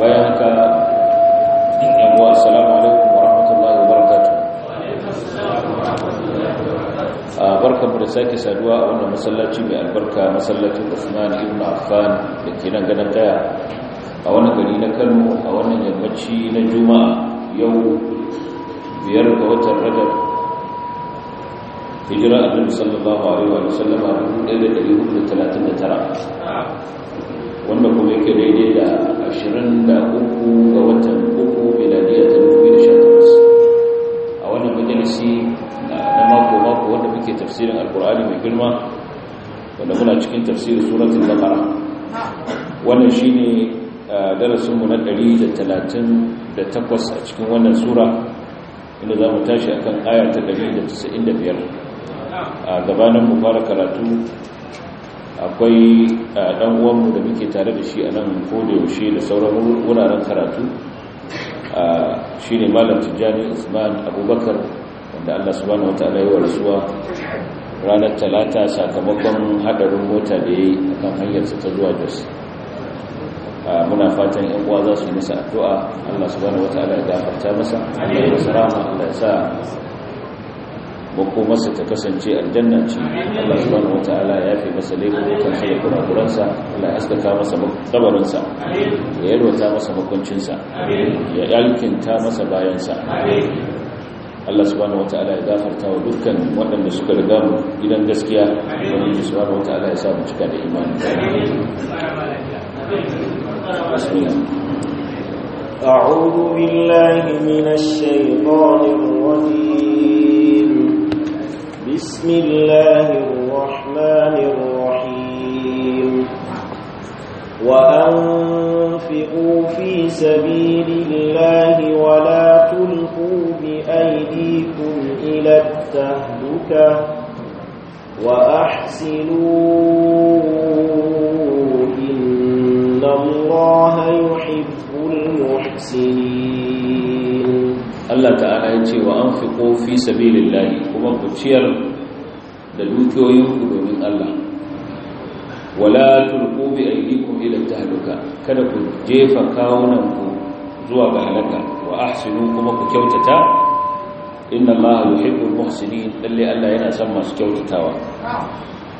bayan haka in yamuwa assalamu alaikum wa rahmatullahi wa barakatu a barkanmu da sake saduwa a wannan masallaci mai albarka masallacin usman ibn affan da ke nan ganin daya a wannan gari na kano a wannan yammaci na juma'a yau biyar ga watan rajab hijira annabi sallallahu alaihi wa sallama 1439 wanda kuma yake daidai da 23 ga watan 3 miladiya ta 2018 a wannan majalisi na mako-mako wanda muke tafsirin alkur'ani mai girma wanda muna cikin tafsirin suratun zamara wannan shi ne darasinmu na 138 a cikin wannan sura inda za mu tashi akan aya ta 195 a gabanin mu fara karatu akwai uwan eh, uwanmu da muke tare da shi a nan yaushe da sauran wuraren karatu eh, shi ne malam tijjani usman abubakar wanda allah subhanahu wa ta'ala yawa rasuwa ranar talata sakamakon hadarin mota da ya yi a kan hanyarsa ta zuwa jos eh, muna fatan yan uwa za su yi masa addu'a allah subhanahu wa ta'ala ya gafarta masa allah ya sa masa ta kasance aljanna ce Allah subhanahu wataala ya fi masa laifukan sa da kurakuransa Allah ya haskaka masa kabarinsa ya yalwata masa makoncinsa ya yalkinta masa bayansa Allah subhanahu wataala ya gafarta wa dukkan waɗanda suka riga mu gidan gaskiya wanda subhanahu wataala ya sa mu cika da imani أعوذ بالله من الشيطان الرجيم بسم الله الرحمن الرحيم وأنفقوا في سبيل الله ولا تلقوا بأيديكم إلى التهلكة وأحسنوا إن الله يحب المحسنين Allah ta'ala ya ce wa anfiqu fi sabilillahi kuma ku ciyar da dukiyoyinku domin Allah wala tulqu bi aydikum ila tahluka kada ku jefa kawunanku zuwa ga halaka wa ahsinu kuma ku kyautata inna Allaha yuhibbul muhsinin lalle Allah yana son masu kyautatawa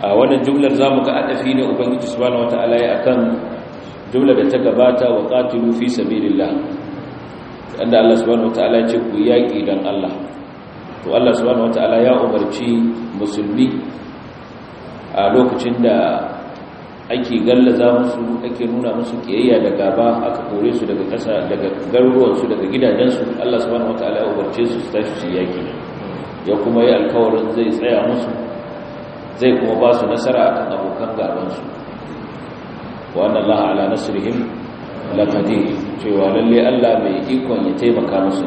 a wannan jumlar zamu ga adafi ne ubangiji subhanahu wataala ya akan jumlar da ta gabata wa qatilu fi sabilillah inda Allah subhanahu wataala ya ce ku yaƙi don Allah to Allah subhanahu wataala ya umarci musulmi a lokacin da ake gallaza musu ake nuna musu kiyayya da gaba aka kore su daga ƙasa daga garuruwansu daga gidajensu Allah subhanahu wataala ya umarce su su tashi su yaƙi ya kuma yi alkawarin zai tsaya musu zai kuma ba su nasara akan abokan gabansu wa anna Allah ala nasrihim laqadir cewa lalle Allah mai ikon ya taimaka musu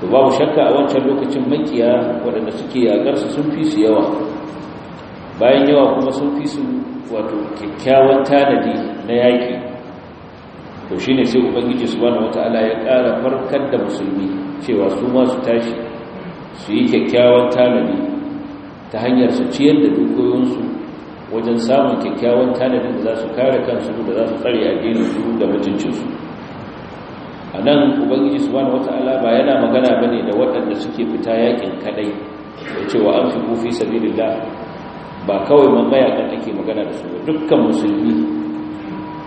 to babu shakka a wancan lokacin makiya waɗanda suke yaƙar su sun fi su yawa bayan yawa kuma sun fi su wato kyakkyawan tanadi na yaƙi to ne sai ubangiji wata ala ya ƙara farkar da musulmi cewa su ma su tashi su yi kyakkyawan tanadi ta hanyar su ciyar da dukoyinsu wajen samun kyakkyawan tanadin da za su kare kansu da za su tsare su da mutuncinsu a nan ubangiji su wani wata'ala ba yana magana ba ne da waɗanda suke fita yakin kadai da cewa an fi kufi sabilillah ba kawai kan ake magana da su dukkan musulmi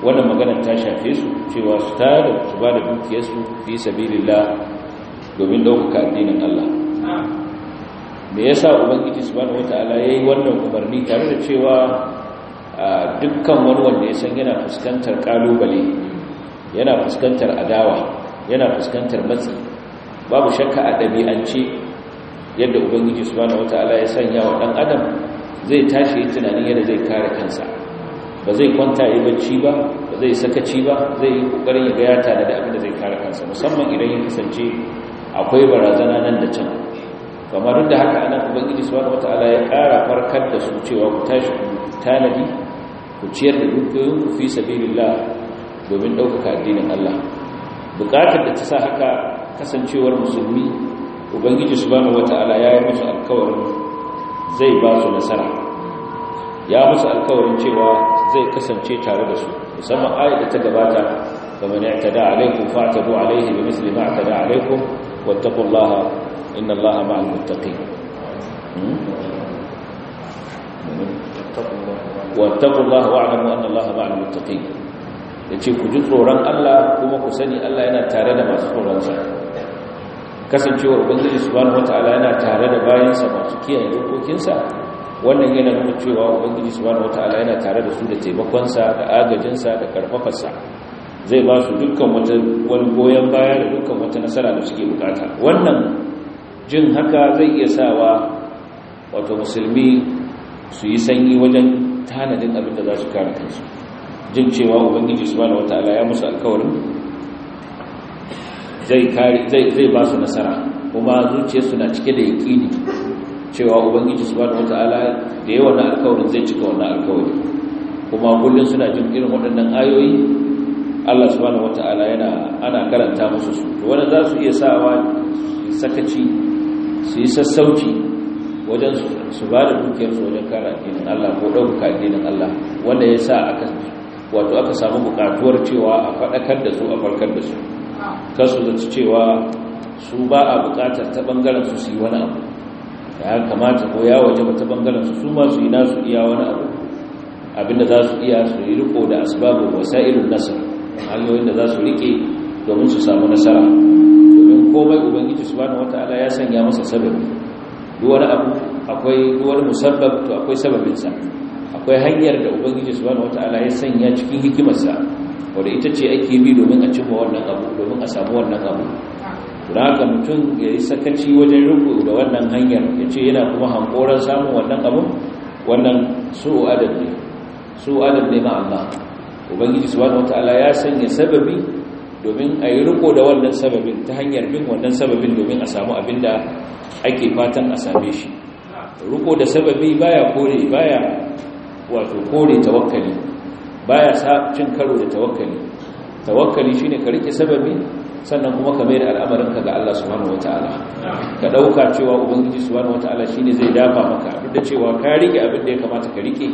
wannan magana ta shafe su cewa su tare su ba da dukiyarsu fi domin ɗaukaka addinin Allah me yasa ubangiji subhanahu wataala yi wannan umarni tare da cewa dukkan wani wanda ya san yana fuskantar kalubale yana fuskantar adawa yana fuskantar matsi babu shakka a ɗabi'ance yadda ubangiji subhanahu wataala ya sanya wa ɗan adam zai tashi tunanin yadda zai kare kansa ba zai kwanta yi bacci ba ba zai sakaci ba zai yi kokarin ya gaya tare da abin da zai kare kansa musamman idan ya kasance akwai barazana nan da can kamar da haka anan ubangiji subhanahu wataala ya kara farkar da su cewa ku tashi tanadi ku ciyar da dukkan ku fi sabilillah domin ɗaukaka addinin Allah bukatar da ta sa haka kasancewar musulmi ubangiji subhanahu wataala ya yi musu alƙawarin zai ba su nasara ya musu alkawarin cewa zai kasance tare da su musamman ayat da ta gabata kamar ya tada alaikum fa'tadu alaihi bi misli ma tada alaikum واتقوا الله إن الله مع المتقين واتقوا الله واعلموا أن الله مع المتقين yace ku ji tsoron Allah kuma ku sani Allah yana tare da masu tsoronsa kasancewar ubangiji subhanahu wataala yana tare da bayansa masu kiyaye dokokinsa wannan yana nuna cewa ubangiji subhanahu wataala yana tare da su da taimakonsa da agajinsa da karfafarsa zai ba su dukkan wani goyon baya da dukkan wata nasara da suke bukata wannan jin haka zai iya sawa wato musulmi su yi sanyi wajen tanadin abin da za su kare kansu jin cewa ubangiji wata ala ya musu alkawarin zai kare zai ba su nasara kuma zuciyarsu na cike da yaqini cewa ubangiji wata ala da yawan alkawarin zai cika wannan alkawarin kuma kullum suna jin irin waɗannan ayoyi Allah subhanahu wata'ala yana ana karanta musu su to wanda za su iya sawa sakaci su yi sassauci wajen su ba da dukiyar su wajen kara addinin Allah ko ɗauka addinin Allah wanda ya sa aka wato aka samu bukatuwar cewa a faɗakar da su a farkar da su kasu da cewa su ba a buƙatar ta ɓangaren su su yi wani abu ya kamata ko ya waje ta bangaren su su masu yi su iya wani abu abinda za su iya su yi riko da asbabul wasailun nasr hanyoyin da za su rike domin su samu nasara domin komai ubangiji wata wataala ya sanya masa sababi duwar abu akwai duwar wani musabbab to akwai sababinsa akwai hanyar da ubangiji wata wataala ya sanya cikin hikimarsa wadda ita ce ake bi domin a cimma wannan abu domin a samu wannan abu don haka mutum ya yi sakaci wajen riko da wannan hanyar ya ce yana kuma hankoron samun wannan abu wannan su adab ne su ne ma Allah ubangiji wata wataala ya sanya sababi domin a yi riko da wannan sababin ta hanyar bin wannan sababin domin a samu abin da ake fatan a same shi riko da sababi baya kore baya wato kore tawakkali baya sa cin karo da tawakali tawakkali shine ka rike sababi sannan kuma ka mai da ka ga Allah subhanahu wataala ka ɗauka cewa ubangiji subhanahu wataala shine zai dafa maka duk da cewa ka rike abin da ya kamata ka rike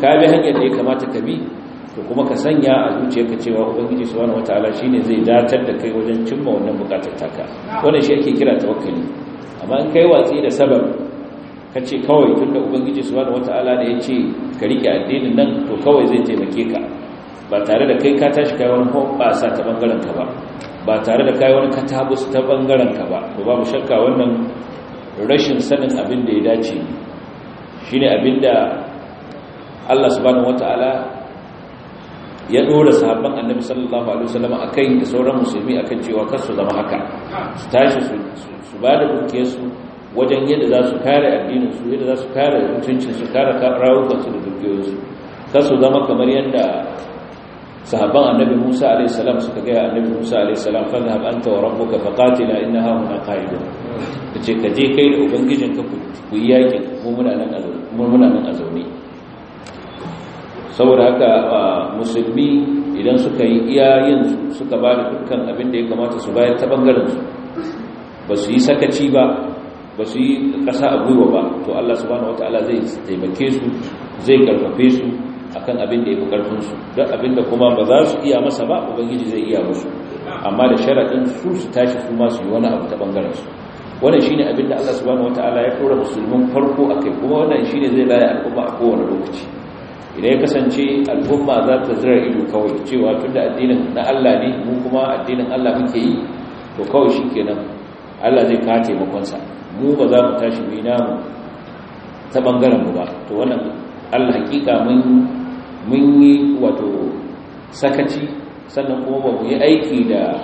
ka bi hanyar da ya kamata ka bi to kuma ka sanya a zuciyarka cewa ubangiji subhanahu wataala shine zai datar da kai wajen cimma wannan bukatar taka wannan shi ake kira tawakkali amma in kai watsi da sabab kace kawai tunda ubangiji subhanahu wataala da yace ka rike addinin nan to kawai zai taimake ka ba tare da kai ka tashi kai wani sa ta bangaren ka ba ba tare da kai wani katabus ta bangaren ka ba to babu shakka wannan rashin sanin abin da ya dace shine abinda Allah subhanahu wataala ya dora sahabban annabi sallallahu alaihi wasallam akai da sauran musulmi akan cewa kar su zama haka su tashi su ba da dukiyar su wajen yadda za su kare addinin su yadda za su kare mutuncin su kare rawukan su da dukiyoyin su kar su zama kamar yadda sahabban annabi Musa alaihi salam suka ga annabi Musa alaihi salam zahab anta wa rabbuka qatila innaha huna qa'idun kace ka je kai da ubangijinka ku yi yakin mu muna nan a zaune saboda haka musulmi idan suka yi su suka ba da dukkan abin da ya kamata su bayar ta ɓangarensu ba su yi sakaci ba ba su yi ƙasa a gwiwa ba to allah subhanahu ta'ala zai taimake su zai karfafe su akan abin da ya fi ƙarfinsu don abin da kuma ba za su iya masa ba ubangiji zai iya musu amma da sharaɗin su su tashi su ma su yi wani abu ta ɓangarensu wannan shine abin da allah subhanahu ta'ala ya tura musulmin farko a kai kuma wannan shine zai laya al'umma a kowane lokaci idan ya kasance al'umma za ta zira ido kawai cewa tun da addinin na Allah ne mu kuma addinin Allah muke yi to kawai shi kenan Allah zai kawo taimakonsa mu ba za mu tashi mu namu ta bangaren mu ba to wannan Allah hakika mun yi wato sakaci sannan kuma ba mu yi aiki da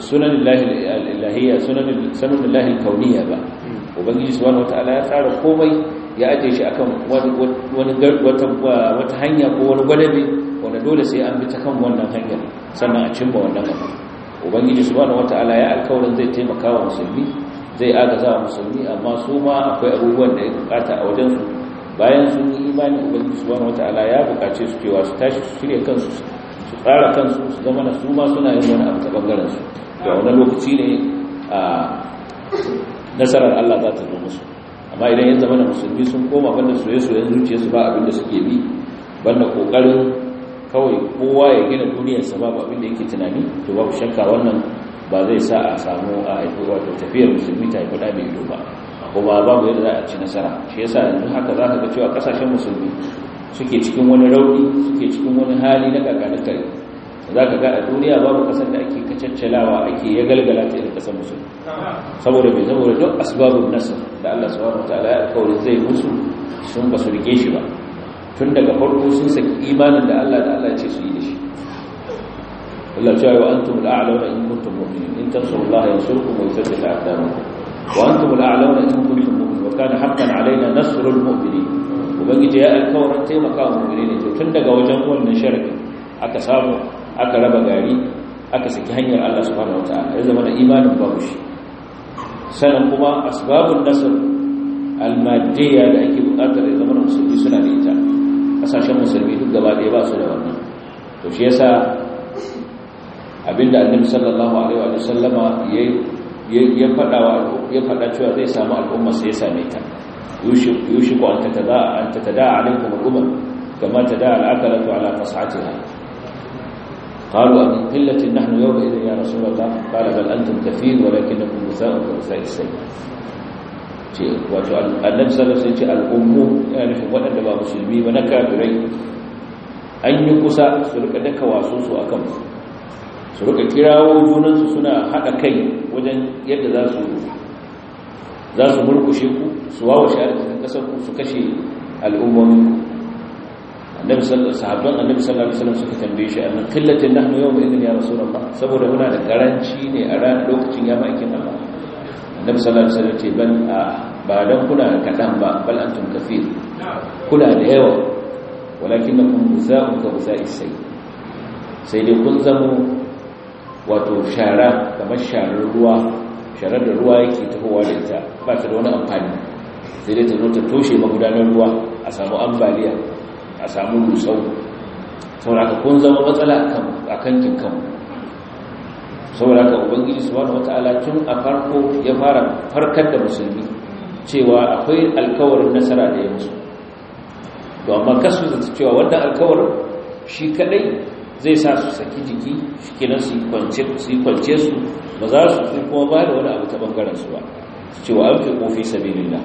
sunan lahil ilahiyya sunan sunan lahil kauniyya ba hmm. ubangiji subhanahu wataala ya tsara komai ya ajiye shi akan wani wata hanya ko wani gwadabi wanda dole sai an bi ta kan wannan hanya sannan a cimma wannan abu ubangiji subhanahu wataala ya alkawarin zai taimaka wa musulmi zai agaza wa musulmi amma su ma akwai abubuwan da ya bukata a wajen su bayan sun yi imani ubangiji subhanahu wataala ya bukaci su cewa su tashi su shirya kansu su tsara kansu su zama na su ma suna yin wani abu ta bangaren su da wani lokaci ne a nasarar Allah za ta zo musu amma idan ya zama da musulmi sun koma banda soye-soyen su ba abinda suke bi banda kokarin kawai kowa ya gina duniyarsa ba abinda yake tunani to babu shakka wannan ba zai sa a samu a haifi wato tafiyar musulmi ta haifi da mai ido ba kuma babu yadda za a ci nasara shi yasa yanzu haka za ka ga cewa kasashen musulmi suke cikin wani rauni suke cikin wani hali na kakanin za ka ga a duniya babu kasar da ake kacaccalawa ake ya galgala ta irin kasar musu saboda mai saboda duk asibabin nasar da Allah subhanahu wataala ya alƙawari zai musu sun ba su rike shi ba tun daga farko sun saki imanin da Allah da Allah ce su yi da shi Allah ya ce wa antum al'alawna in kuntum mu'minin in tansurullaha yansurkum wa yuthabbit aqdamakum wa antum launa in kuntum mu'minin wa kana haqqan alaina nasrul mu'minin ubangiji ya alƙawarin taimaka wa mu'minai ne to tun daga wajen wannan sharadi aka samu aka raba gari aka saki hanyar Allah subhanahu wataala ya zama da imanin babu shi sannan kuma asbabun nasr almadiyya da ake bukatar ya zama musulmi suna da ita kasashen musulmi duk gaba ɗaya ba su da wannan to shi yasa abinda annabi sallallahu alaihi wa sallama ya faɗa ya fada cewa zai samu al'umma sai ya same ta yushiku an tatada an tatada alaikum al-umam kama tada al ala tas'atiha قالوا أمن قلة نحن يومئذ يا رسول الله قال بل أنتم كثير ولكنكم غثاء كغثاء السيل wato annabi sallallahu alaihi wasallam al'ummu yana nufin waɗanda ba musulmi ba na kafirai an yi kusa su rika daka wasu su akan su su rika kirawo junan suna haɗa kai wajen yadda za su murkushe ku su wawashe arzikin kasar ku su kashe al'ummomin annabi annabi sallallahu alaihi wasallam suka tambaye shi annan killatin nahnu yawma idin ya rasulullah saboda muna da karanci ne a ran lokacin ya ma'aikin Allah annabi sallallahu alaihi wasallam ce ban ba dan kuna kadan ba bal antum kafir kuna da yawa walakinakum muzaa'un ka muzaa'is sai sai dai kun zamo wato shara kamar sharar ruwa sharar da ruwa yake tahowa da ita ba ta da wani amfani sai dai ta zo ta toshe magudanar ruwa a samu ambaliya a samu rusau saboda kun zama matsala a kankin kanku saboda ka su subhanahu wata tun a farko ya fara farkar da musulmi cewa akwai alkawarin nasara da ya musu to amma kasu zata cewa wanda alkawar shi kadai zai sa su saki jiki shikenan su yi kwance su ba za su fi kuma ba da wani abu ta bangaren su ba su cewa an kofi kofi sabilillah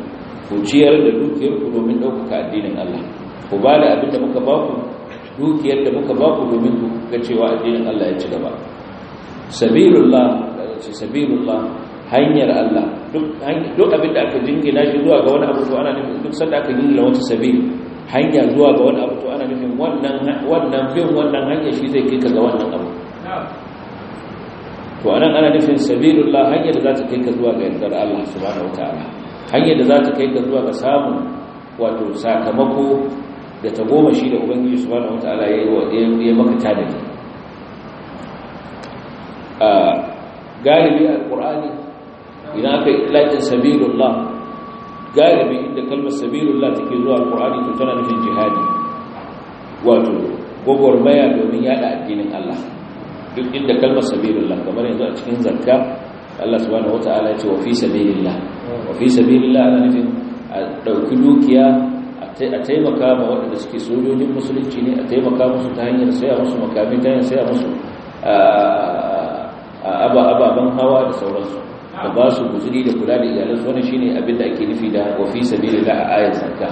ku ciyar da dukiyar ku domin ɗaukaka addinin Allah ku ba da abin da muka ba ku dukiyar da muka ba ku domin ku ga cewa addinin Allah ya ci gaba sabilullah ce sabilullah hanyar Allah duk abin da aka jingina shi zuwa ga wani abu to ana nufin duk sanda aka jingina wata sabil hanya zuwa ga wani abu to ana nufin wannan wannan bin wannan hanya shi zai kai ka ga wannan abu to anan ana nufin sabilullah hanyar da za ta kai ka zuwa ga yardar Allah subhanahu wataala hanyar da za ta kai ka zuwa ga samu wato sakamako da ta goma shi da ubangiji subhanahu wataala ya yi ya maka tanadi a galibi alqur'ani idan aka ilakin sabilullah galibi inda kalmar sabilullah take zuwa Al-Ƙur'ani, to tana nufin jihadi wato gwagwarmaya domin yada addinin Allah duk inda kalmar sabilullah kamar yanzu a cikin zakka Allah subhanahu wataala ya ce wa fi sabilillah wa fi sabilillah ana nufin a ɗauki dukiya a taimaka ma waɗanda suke sojojin musulunci ne a taimaka musu ta hanyar saya musu makami ta hanyar saya musu ababen hawa da sauransu da ba su guzuri da kula da iyalansu wani shine abin da ake nufi da wafi sabilillah a ayyar zarka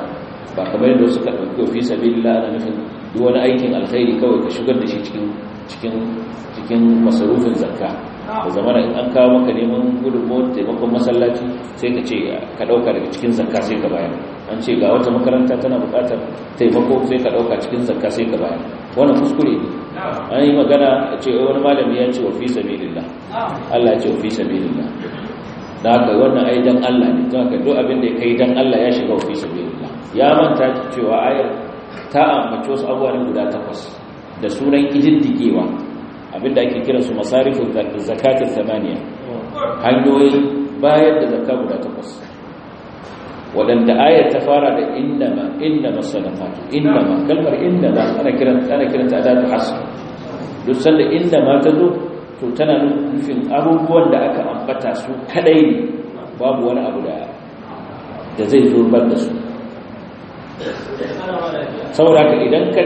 ba kamar yadda wasu ka ɗauki wafi sabilillah na nufin duk wani aikin alkhairi kawai ka shigar da shi cikin masarufin zakka da zamana in an kawo maka neman gudunmawar taimakon masallaci sai ka ce ka ɗauka daga cikin zakka sai ka bayar an ce ga wata makaranta tana bukatar taimako sai ka dauka cikin zakka sai ka bayar wannan kuskure ne an yi magana a ce wani malami ya ce wa fi sabilillah Allah ya ce wa fi sabilillah da haka wannan ai dan Allah ne to ka duk abin da ya kai dan Allah ya shiga wa fi sabilillah ya manta cewa ayar ta ambaci wasu abubuwa guda takwas da sunan abin abinda ake kira su masarifu zakatul thamaniya hanyoyin bayar da zakka guda takwas waɗanda ayar ta fara da innama innama sadaqatu innama kalmar innama ana kiran ana kiran ta da hasb duk sanda innama ta zo to tana nufin abubuwan da aka ambata su kadai ne babu wani abu da zai zo ban da su saboda ka idan ka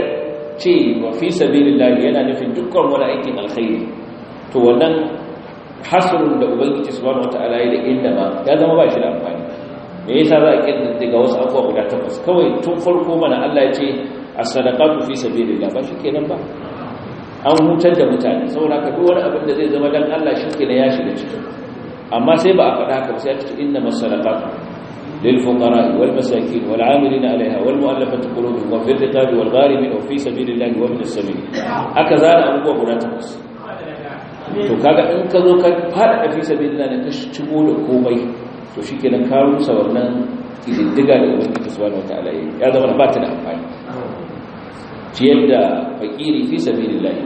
ce wa fi sabilillahi yana nufin dukkan wani aikin alkhairi to wannan hasrun da ubangiji su subhanahu wata ya da innama ya zama ba shi da amfani me yasa za a daga wasu abubuwa guda takwas kawai tun farko mana Allah ya ce as-sadaqatu fi sabilillah ba shikenan ba an hutar da mutane saboda ka duk wani abin da zai zama dan Allah shikenan ya shiga cikin amma sai ba a faɗa haka sai ta ce innamas sadaqatu lil fuqara wal masakin wal 'amilina 'alayha wal mu'allafati qulubuhum wa fil riqabi wal gharimin wa fi sabilillah wa min as-sabil aka zana abubuwa guda takwas to kaga in ka zo ka faɗa fi sabilillah ne ka shigo da komai to shi kenan ka rusa wannan ƙididdiga da ubangiji su wani wata alayi ya zama ba ta da amfani ciyar da fakiri fi sabilillahi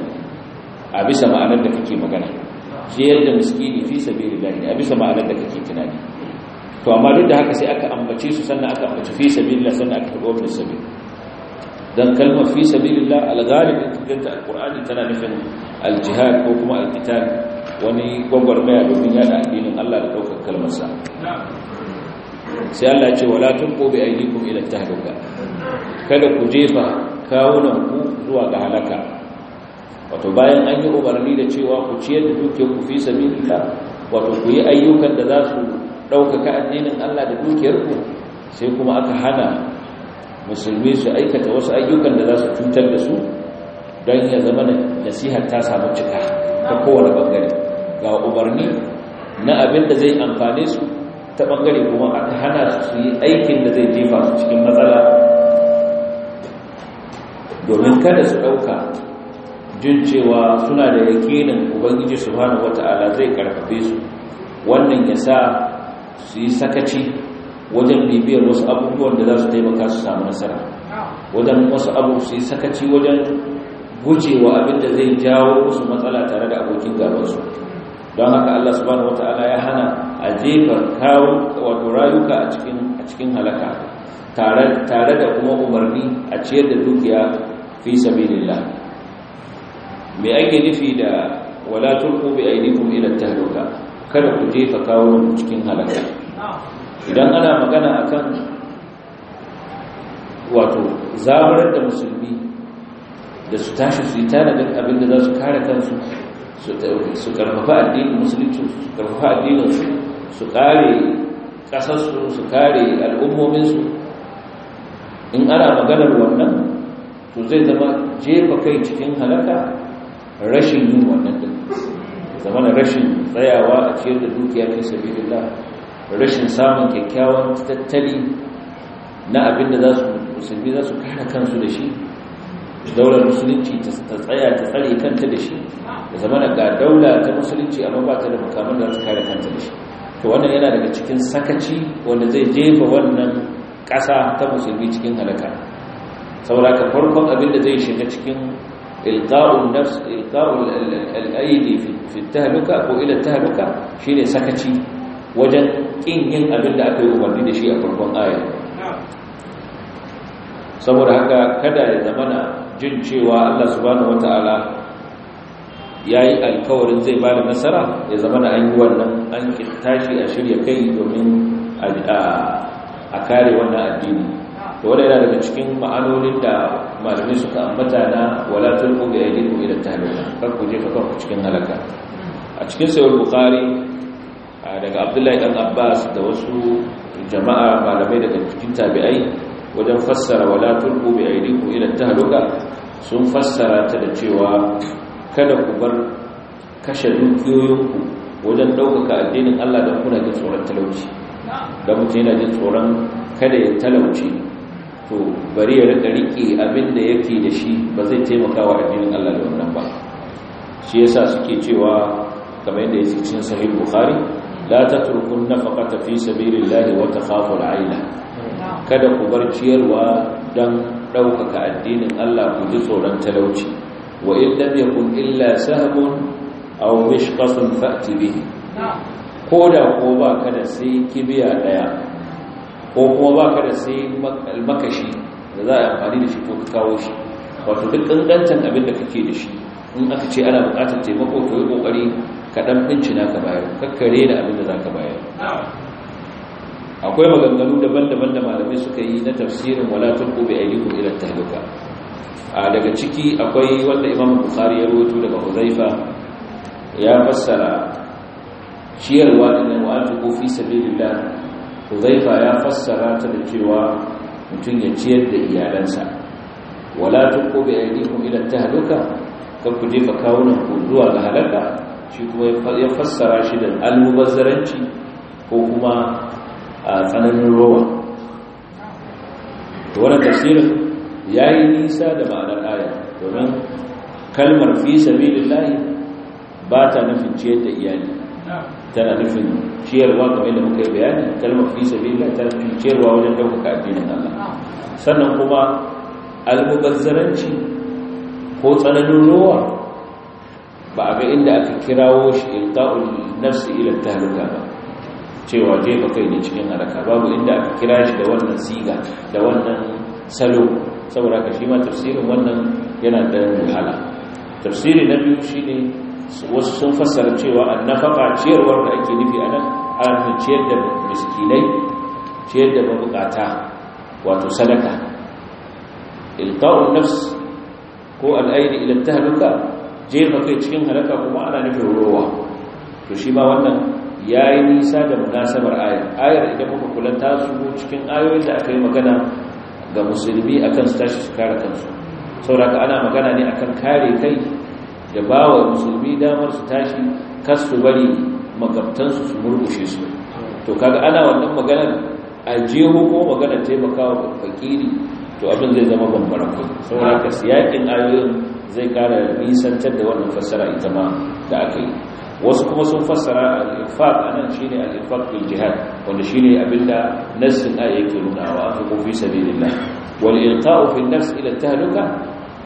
a bisa ma'anar da kake magana ciyar da miskini fi sabilillahi a bisa ma'anar da kake tunani to amma duk da haka sai aka ambace su sannan aka ambace fi sabilillah sannan aka karbo min sabil dan kalmar fi sabilillah al-ghalib kanta al-qur'ani tana nufin aljihad ko kuma al-qital wani gwagwarmaya domin yada addinin Allah da ɗaukar kalmarsa sai Allah ce wala tulqu bi aydikum ila tahluka kada ku jefa kawunan ku zuwa ga halaka wato bayan an yi umarni da cewa ku ciyar da dukiyar ku fi sabilillah wato ku yi ayyukan da za su ɗaukaka addinin Allah da dukiyarku sai kuma aka hana musulmi su aikata wasu ayyukan da za su cutar da su don ya zama da nasihar ta samu cika ta kowane bangare ga umarni na abin da zai amfane su ta bangare kuma a hana su yi aikin da zai jefa su cikin matsala domin kada su ɗauka jin cewa suna da yakinin ubangiji su hana wata'ala zai karfafe su wannan ya sa su yi sakaci wajen bibiyar wasu abubuwan da za su taimaka su samu nasara wajen wasu abu su yi sakaci wajen gujewa abin da zai jawo wasu matsala tare da abokin gabansu don haka Allah subhanahu wata'ala ya hana a jefa kawo wato rayuka a cikin a cikin halaka tare da kuma umarni a ciyar da dukiya fi sabilillah mai ake nufi da wala tulqu bi aydikum ila tahluka kada ku jefa kawo cikin halaka idan ana magana akan wato zamar da musulmi da su tashi su yi tanadin abin da za su kare kansu su karfafa addinin musulunci su karfafa addininsu su kare kasarsu su kare al'ummominsu in ana maganar wannan to zai zama jefa kai cikin halaka rashin yin wannan din zama rashin tsayawa a ciyar da dukiya fi sabilillah rashin samun kyakkyawan tattali na abinda za su musulmi za su kare kansu da shi daular musulunci ta tsaya ta tsare kanta da shi da zamana ga daula ta musulunci amma ba ta da makaman da ta kare kanta da shi to wannan yana daga cikin sakaci wanda zai jefa wannan kasa ta musulmi cikin halaka saboda ka farkon abin da zai shiga cikin ilqa'ul nafs ilqa'ul al-aidi fi tahluka ko ila tahluka shine sakaci wajen kin yin abin da aka yi umarni da shi a farkon aya saboda haka kada ya zamana jin cewa Allah subhanahu wataala yayi alkawarin zai bada nasara ya zama da an yi wannan an tashi a shirya kai domin a kare wannan addini da yana daga cikin ma'anonin da malamai suka ambata na wala tulqu bi aydikum ila ta halitta kan je ka kanku cikin halaka a cikin sayar bukari daga abdullahi dan abbas da wasu jama'a malamai daga cikin tabi'ai wajen fassara wala tulqu bi aydikum ila tahluka sun fassara ta da cewa kada ku bar kashe dukiyoyinku wajen ɗaukaka addinin Allah da kuna jin tsoron talauci da mutum yana jin tsoron kada ya talauci to bari ya rika rike abin da yake da shi ba zai taimaka wa addinin Allah da wannan ba shi yasa suke cewa kamar yadda yake cikin sahih bukhari la tatrukun ta fi sabilillahi wa takhafu al-aila kada ku bar ciyarwa don ɗaukaka addinin Allah ku ji tsoron talauci wa in ne kun illa sahmun aw mishqasun fa'ti bihi ko da ko ba ka sai kibiya daya ko kuma ba ka sai makashi da za a amfani da shi ko ka kawo shi wato duk dangantan abin da kake da shi in aka ce ana buƙatar taimako to yi ƙoƙari ka ɗan naka ka bayar kakkare da abin da za ka bayar akwai maganganu daban-daban da malamai suka yi na tafsirin walatun tulqu a aydikum ila tahluka a daga ciki akwai wanda Imam bukari ya rawaito daga Huzaifa ya fassara ciyarwa da wa ko fi lilla Huzaifa ya fassara ta da cewa mutum ya ciyar da iyalansa wala tulqu a aydikum ila tahluka kan ku jefa kawunan ku ga halarta shi kuma ya fassara shi da almubazzaranci ko kuma a tsananin rowa to wannan tafsirin yayi nisa da ma'anar aya domin kalmar fi sabilillahi ba ta nufin ciyar da iyali tana nufin ciyarwa kamar da muka yi bayani kalmar fi sabilillahi tana nufin ciyarwa wajen ɗaukaka addinin Allah sannan kuma almubazzaranci ko tsananin rowa ba a ga inda aka kirawo shi ilqa'ul nafsi ila tahluka ba cewa jefa kai ne cikin haraka babu inda aka kira shi da wannan siga da wannan salo saboda ka shi ma tafsirin wannan yana da wahala tafsiri na biyu shine wasu sun fassara cewa annafaka ciyarwar da ake nufi a anan ana ciyar da miskinai ciyar da mabukata wato sadaka ilta'un nafs ko al'aini ila tahluka jefa kai cikin halaka kuma ana nufin ruwa to shi ma wannan ya yi nisa da munasabar ayar ayar idan muka kula ta zuwa cikin ayoyin da aka yi magana ga musulmi akan su tashi su kare kansu sauraka ana magana ne akan kare kai da ba wa musulmi damar su tashi kas su bari magabtansu su murmushe su to kaga ana wannan maganar a jeho ko maganar taimakawa fakiri to abin zai zama bambara ku sauraka siyakin ayoyin zai kara nisantar da wannan fassara ita ma da aka yi wasu kuma sun fassara al-infaq anan shine al-infaq fil jihad wanda shine abinda nassin ayi yake nunawa fi kufi sabilillah wal ilqa'u fil nafs ila tahluka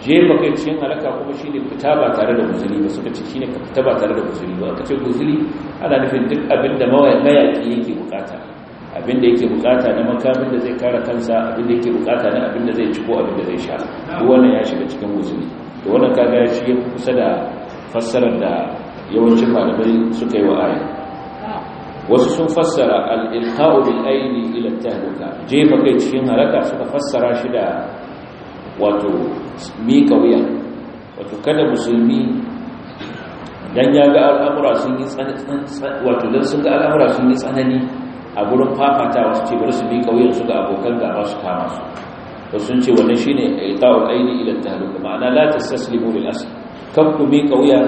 jefa kai cikin halaka kuma shine fita ba tare da guzuri ba suka ce shine fita ba tare da guzuri ba kace ce guzuri ana nufin duk abinda mayaki yake bukata abinda yake bukata na makamin da zai kare kansa abinda yake bukata na abinda zai ci ko abinda zai sha duk wannan ya shiga cikin guzuri to wannan kaga shi kusa da fassarar da yawancin malamai suka yi wa wasu sun fassara al-ilha'u bil aini ila je jefa kai cikin halaka suka fassara shi da wato mika wuya wato kada musulmi dan ya ga al'amura sun yi wato dan sun ga al'amura sun yi tsanani a gurin fafatawa su ce bari su mika wuya su ga abokan gaba su kama su to sun ce wannan shine ilqa'ul aini ila duka ma'ana la tastaslimu lil asl kan ku miƙa wuyar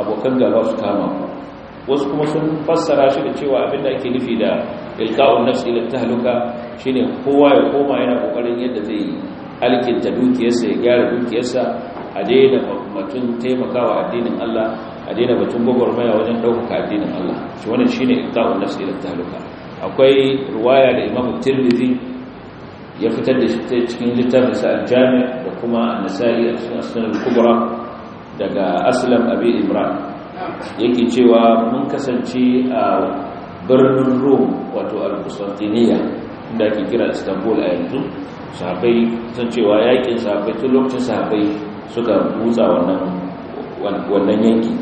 abokan gaba su kama wasu kuma sun fassara shi da cewa abin da ake nufi da ilka'un nafsi haluka shi shine kowa ya koma yana kokarin yadda zai alkinta dukiyarsa ya gyara dukiyarsa a daina batun taimakawa addinin Allah a daina batun gwagwarmaya wajen ɗaukaka addinin Allah shi wannan shine ilka'un nafsi ta tahluka akwai ruwaya da Imam Tirmidhi ya fitar da shi cikin littafin sa al-Jami' da kuma an-Nasa'i a cikin Sunan kubra daga aslam abi imran yake cewa mun kasance a birnin rom wato al inda da ake kira istanbul a yanzu sahabai sun cewa yakin sahabai tun lokacin sahabai suka mutsa wannan yanki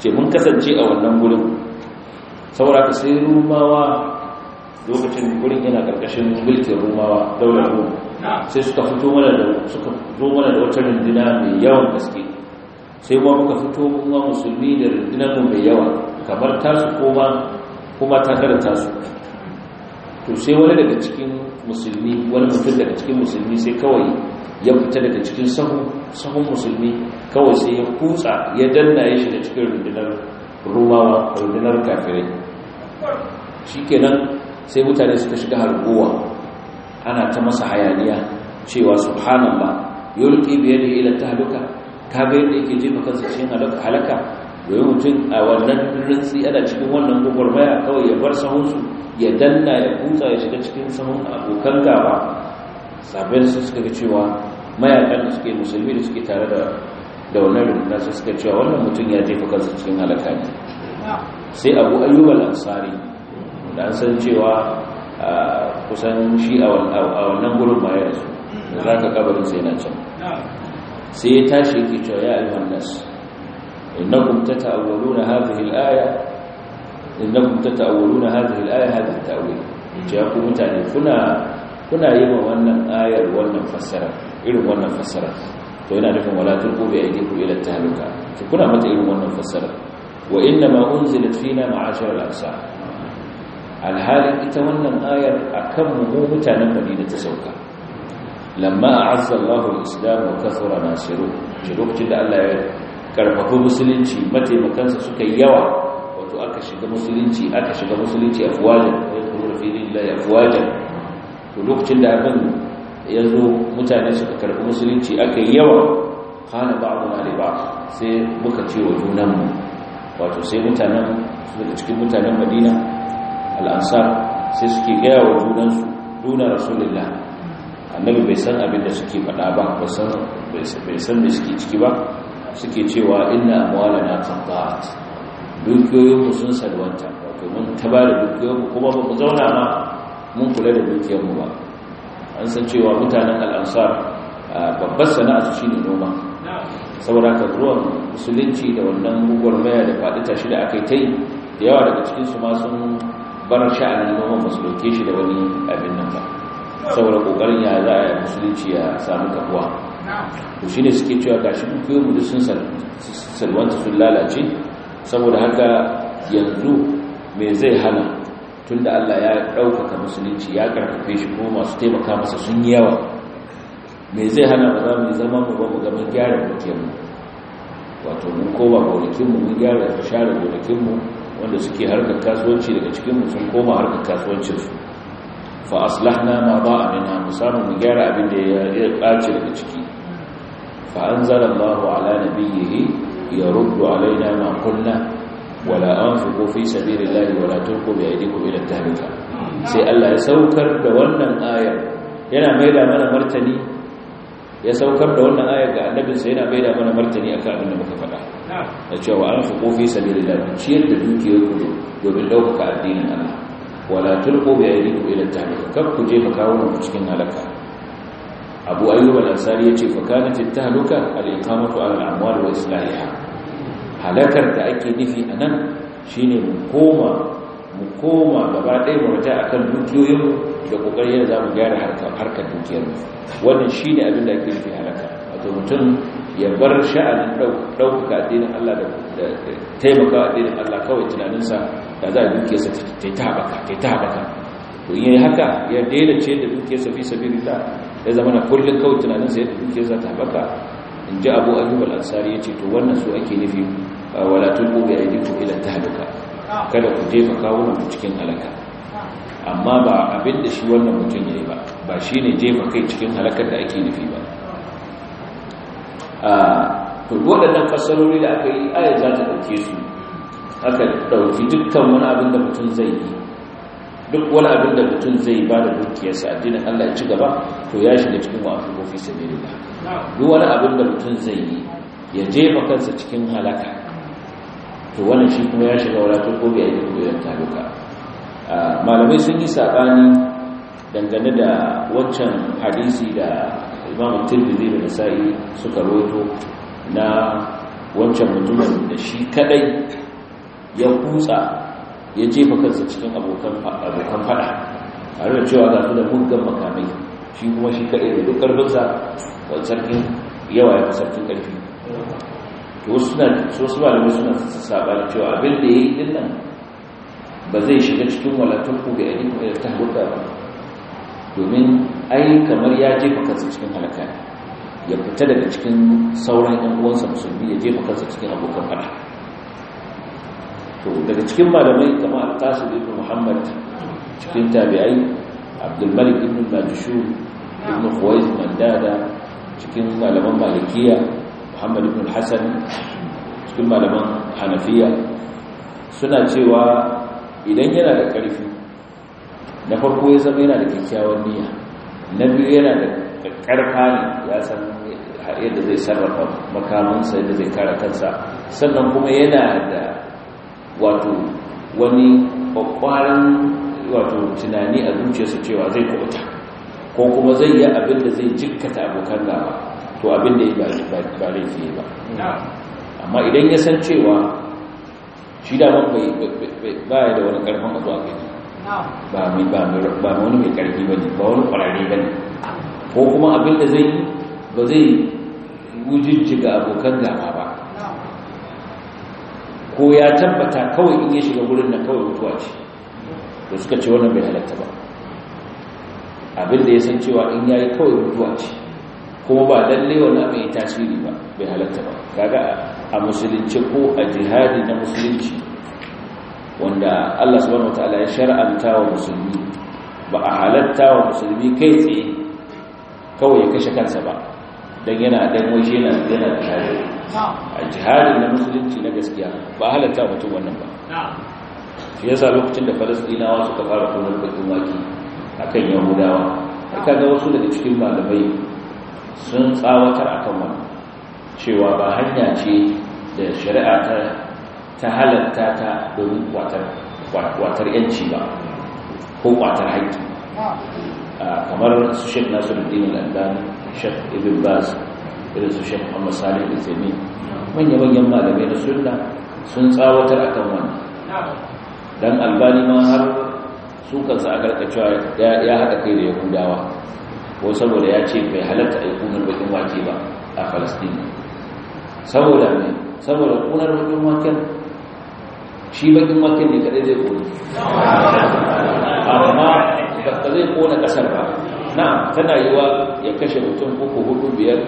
ce mun kasance a wannan gudun saboda ka sai rumawa lokacin gudun yana karkashin mulkin rumawa daular rum sai suka fito mana da suka zo mana da wata mai yawan gaske sai ma muka fito kuma musulmi da rundunar mai yawa kamar tasu kuma kuma ta kada tasu to sai wani daga cikin musulmi wani mutum daga cikin musulmi sai kawai ya fita daga cikin sahun musulmi kawai sai ya kutsa ya danna ya shiga cikin rundunar rumawa rundunar kafirai shi kenan sai mutane suka shiga harguwa ana ta masa hayaniya cewa subhanallah yulqi da yadihi ila tahluka ka ga yadda yake jefa kansa cikin halaka wai mutum a wannan rintsi ana cikin wannan gwagwarmaya kawai ya bar sahunsu ya danna ya kusa ya shiga cikin sahun abokan gaba sabbin su suka ga cewa mayakan da suke musulmi da suke tare da da wannan rundunar su suka cewa wannan mutum ya jefa kansa cikin halaka ne sai abu ayyubal al-ansari da an san cewa kusan shi a wannan gurin ma ya rasu za ka kabarin sai na can sai ya tashi yake cewa ya ayyuhan nas innakum tata'awwaluna hadhihi al-aya innakum tata'awwaluna hadhihi al-aya hadha at-ta'wil ya ku mutane kuna kuna yi wa wannan ayar wannan fassara irin wannan fassara to yana nufin wala tulqu bi aydikum ila at-tahluka to kuna mata irin wannan fassara wa inna ma unzilat fina ma'ashar al-aqsa alhalin ita wannan ayar akan mu mutanen Madina ta sauka lamma a'azza Allahu al-islam wa kathara nasiruhu lokacin da Allah ya karfafa musulunci mataimakansa suka yi yawa wato aka shiga musulunci aka shiga musulunci afwajan ya kuma fi lillahi afwajan to lokacin da abin ya zo mutane suka karɓi musulunci aka yi yawa kana ba'duna li ba'd sai muka ce wa junan mu wato sai mutanen daga cikin mutanen Madina al-ansar sai suke gaya wa junan su duna rasulullah annabi bai san abin da suke faɗa ba bai san da suke ciki ba suke cewa inna na qata'at dukiyoyinmu sun salwanta wato mun taba da dukiyoyinmu kuma ba mu zauna ma mun kula da dukiyoyinmu ba an san cewa mutanen al'ansar babbar sana'ar su shine noma saboda ka ruwan musulunci da wannan maya da faɗi tashi da aka yi ta yi da yawa daga cikinsu ma sun bar sha'anin noma ba su shi da wani abin nan ba saboda kokarin ya za a musulunci ya samu kafuwa to shi ne suke cewa gashi kuyo mu sun salwanta sun lalace saboda haka yanzu me zai hana tunda Allah ya ɗaukaka musulunci ya karfafe shi ko masu taimaka masa sun yi yawa me zai hana ba za mu zama mu ba mu ga gyara dukiyarmu wato mun koma gonakinmu mun gyara share gonakinmu wanda suke harkar kasuwanci daga cikinmu sun koma harkar kasuwancinsu fa aslahna ma ba'a minha musamu mu gyara abin da ya kace daga ciki fa anzalallahu ala nabiyhi yaruddu alaina ma kunna wala anfiqu fi sabilillahi wala tulqu bi aydikum ila tahlika sai Allah ya saukar da wannan ayar yana da mana martani ya saukar da wannan ayar ga annabinsa yana maida mana martani akan abin da muka faɗa na cewa anfiqu fi sabilillahi ciyar da dukiyoyinku domin ɗaukaka addinin Allah wala tulqu bi aydikum ila tahlika kar ku je makawun ku cikin halaka abu ayyub al-ansari yace fa kanat at-tahluka al-iqamatu ala al-amwal wa islahiha halakar da ake nufi anan shine mu koma mu koma gaba ɗaya mu rata akan dukiyoyin da kokarin za mu gyara harkar harkar dukiyar mu wannan shine abin da ake nufi halaka wato mutum ya bar sha'anin ɗaukaka addinin Allah da taimaka addinin Allah kawai tunaninsa da za a dukiyarsa ta yi ta haɓaka ta yi ta haɓaka to yi haka ya daina ce da dukiyarsa fi sabirita ya zama na kullum kawai tunaninsa yadda dukiyarsa ta haɓaka in ji abu ayyub al'ansari ya ce to wannan su ake nufi wala tulbu bi aydikum ila tahluka kada ku jefa kawunan ku cikin halaka amma ba abin da shi wannan mutum yi ba ba shine jefa kai cikin halakar da ake nufi ba a to waɗannan fassarori da aka yi ayat za ta ɗauke su aka ɗauki dukkan wani abin da mutum zai yi duk wani abin da mutum zai ba da dukiyarsa addinin Allah ya ci gaba to ya shiga cikin wa'afi ko fi sabilillah duk wani abin da mutum zai yi ya jefa kansa cikin halaka to wani shi kuma ya shiga wala to ko bai yi koyon taruka malamai sun yi saɓani dangane da wancan hadisi da Imam Tirmidhi da Nasa'i suka roto na wancan mutumin da shi kadai ya kutsa ya jefa kansa cikin abokan fada tare da cewa ga su da muggan makamai shi kuma shi kaɗai da duk ƙarfinsa wani sarkin yawa ya fi sarkin ƙarfi to wasu suna so su ba da wasu suna saba da cewa abin da ya yi din nan ba zai shiga cikin walatun ku ga yadda kuma ya ta hulɗa ba domin ai kamar ya jefa kansa cikin halaka ya fita daga cikin sauran ɗan uwansa musulmi ya jefa kansa cikin abokan fada to daga cikin malamai kamar al-qasim ibn muhammad cikin tabi'ai abdul malik ibn majshur ibn khuwayz mandada cikin malaman malikiya muhammad ibn hasan cikin malaman hanafiya suna cewa idan yana da ƙarfi na farko ya zama yana da kyakkyawan niyya na biyu yana da ƙarfa ne ya san yadda zai sarrafa makamansa yadda zai kare kansa sannan kuma yana da wato wani ƙwaƙwarin wato tunani a zuciyarsu cewa zai kubuta ko kuma zai yi abin da zai jikata abokan gaba to abin da ya ba laifi ba amma idan ya san cewa shi da ba ya da wani ƙarfin a zuwa gani ba mai wani mai ƙarfi ba ne ba wani ƙwararri ba ne ko kuma abin da zai ba zai wujijjiga abokan gaba ba ko ya tabbata kawai in ya shiga gurin da kawai mutuwa ce da suka ce wannan bai halatta ba abin ya san cewa in ya yi kawai mutuwa ce ko ba lalle wannan mai tasiri ba bai halatta ba kaga a musulunci ko a jihadi na musulunci wanda Allah subhanahu wataala ya shar'anta wa musulmi ba a halatta wa musulmi kai tsaye kawai ya kashe kansa ba don yana dan waje yana yana tare a jihadin na musulunci na gaskiya ba halatta mutum wannan ba shi yasa lokacin da falastinawa suka fara kuma bakin waki akan yahudawa aka kaga wasu daga cikin malamai sun tsawatar akan wannan cewa ba hanya ce da shari'a ta ta halatta ta domin kwatar yanci ba ko kwatar a kamar su shek nasiruddin al-albani Sheikh ibn Baz irin su Sheikh muhammad salih da taimi manya-manyan malamai na sunna sun tsawatar akan wannan dan albani ma har su kansa a karkacewa ya haɗa kai da yahudawa ko saboda ya ce bai halatta a yi kunar bakin wake ba a Palestine saboda ne saboda kunar bakin waken shi bakin waken ne kada zai kone amma ba zai kone kasar ba na tana wa ya kashe mutum uku hudu biyar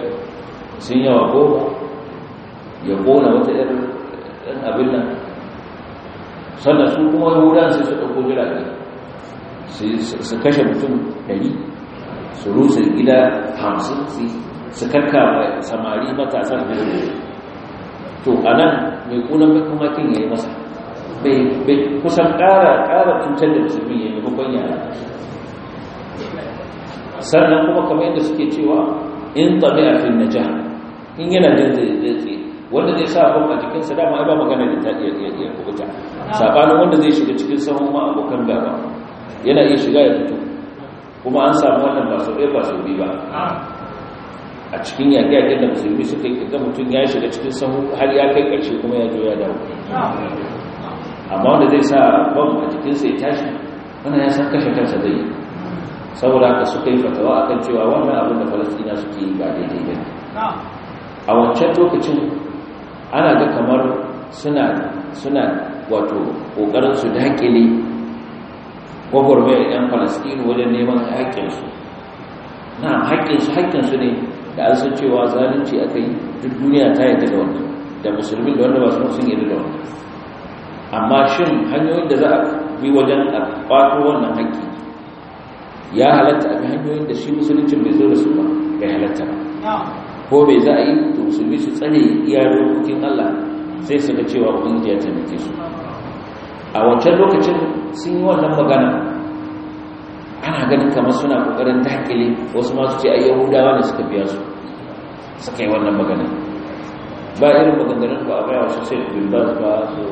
sun yawa goma ya kona wata yan abin nan sannan su kuma yahudan sai su ɗauko jirage su kashe mutum ɗari su rusa gida hamsin su karka samari da birni to a nan mai kunan kuma kin ya yi masa bai kusan ƙara cutar da musulmi ya yi babban yara sannan kuma kamar yadda suke cewa in tabi'a fil najah in yana da zai wanda zai sa kuma sa dama ai ba magana da ta iya iya kubuta sabanin wanda zai shiga cikin sahun ma abokan gaba yana iya shiga ya fito kuma an samu wannan ba sau ɗaya ba sau biyu ba a cikin yaƙi-yaƙi da musulmi suka yi ƙirga mutum ya shiga cikin sahu har ya kai ƙarshe kuma ya ya dawo amma wanda zai sa bam a jikinsa ya tashi wannan ya san kashe kansa zai yi saboda haka suka yi fatawa akan cewa wannan abin da falastina suke yi ba daidai ba a wancan lokacin ana ga kamar suna suna wato kokarin su dakile gwagwarmayar 'yan Falasina wajen neman haƙƙinsu na haƙƙinsu su ne da an san cewa zalunci aka yi duk duniya ta yadda da wannan da musulmi da wanda ba su sun yadda da wannan amma shin hanyoyin da za a bi wajen a ƙwato wannan haƙƙi ya halatta a hanyoyin da shi musulunci bai zo da su ba bai halatta ba ko bai za a yi to musulmi su tsane iya dokokin Allah sai su ga cewa ubangiji ya tabbace su a wancan lokacin sun yi wannan magana ana ganin kamar suna kokarin dakile wasu masu ce ai yahudawa ne suka biya su suka yi wannan magana ba irin maganganun ba a bayawa su sai bin ba su